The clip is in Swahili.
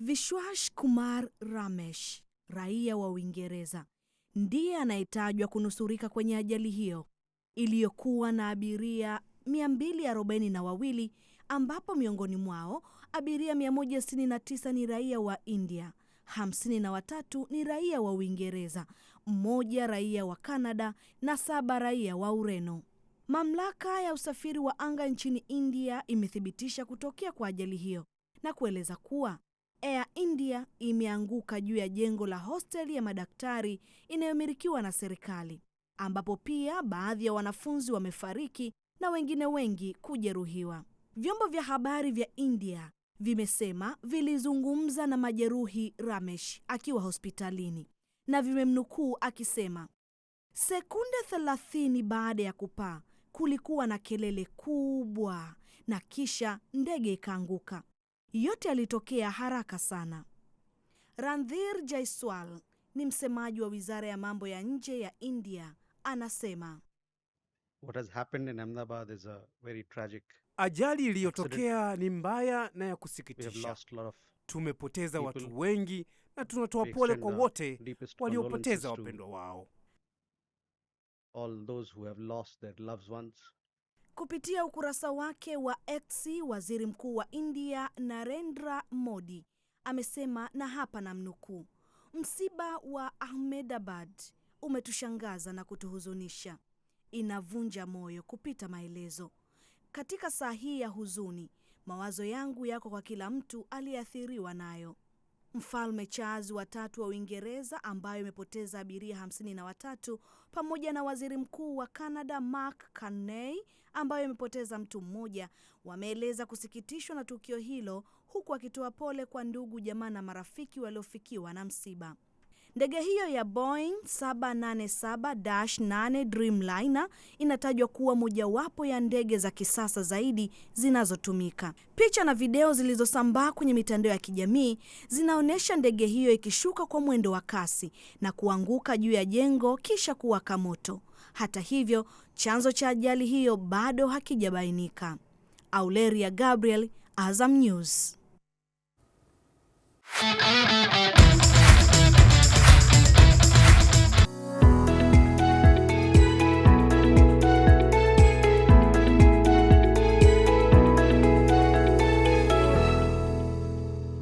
Vishwash Kumar Ramesh, raia wa Uingereza, ndiye anayetajwa kunusurika kwenye ajali hiyo iliyokuwa na abiria 242 ambapo miongoni mwao abiria 169 ni raia wa India, 53 ni raia wa Uingereza, mmoja raia wa Kanada na saba raia wa Ureno. Mamlaka ya usafiri wa anga nchini India imethibitisha kutokea kwa ajali hiyo na kueleza kuwa Air India imeanguka juu ya jengo la hosteli ya madaktari inayomilikiwa na serikali, ambapo pia baadhi ya wanafunzi wamefariki na wengine wengi kujeruhiwa. Vyombo vya habari vya India vimesema vilizungumza na majeruhi Ramesh akiwa hospitalini na vimemnukuu akisema, sekunde thelathini baada ya kupaa kulikuwa na kelele kubwa na kisha ndege ikaanguka. Yote yalitokea haraka sana. Randhir Jaiswal ni msemaji wa Wizara ya Mambo ya Nje ya India, anasema What has happened in Ahmedabad is a very tragic. Ajali iliyotokea ni mbaya na ya kusikitisha. Tumepoteza watu wengi na tunatoa pole kwa wote waliopoteza wapendwa wao. All those who have lost their loved ones. Kupitia ukurasa wake wa X, waziri mkuu wa India Narendra Modi amesema, na hapa namnukuu, msiba wa Ahmedabad umetushangaza na kutuhuzunisha, inavunja moyo kupita maelezo. Katika saa hii ya huzuni, mawazo yangu yako kwa kila mtu aliyeathiriwa nayo. Mfalme Charles watatu wa Uingereza ambayo imepoteza abiria hamsini na watatu pamoja na waziri mkuu wa Canada Mark Carney ambayo imepoteza mtu mmoja wameeleza kusikitishwa na tukio hilo huku akitoa pole kwa ndugu, jamaa na marafiki waliofikiwa na msiba. Ndege hiyo ya Boeing 787-8 Dreamliner inatajwa kuwa mojawapo ya ndege za kisasa zaidi zinazotumika. Picha na video zilizosambaa kwenye mitandao ya kijamii zinaonyesha ndege hiyo ikishuka kwa mwendo wa kasi na kuanguka juu ya jengo kisha kuwaka moto. Hata hivyo, chanzo cha ajali hiyo bado hakijabainika. Auleria Gabriel, Azam News.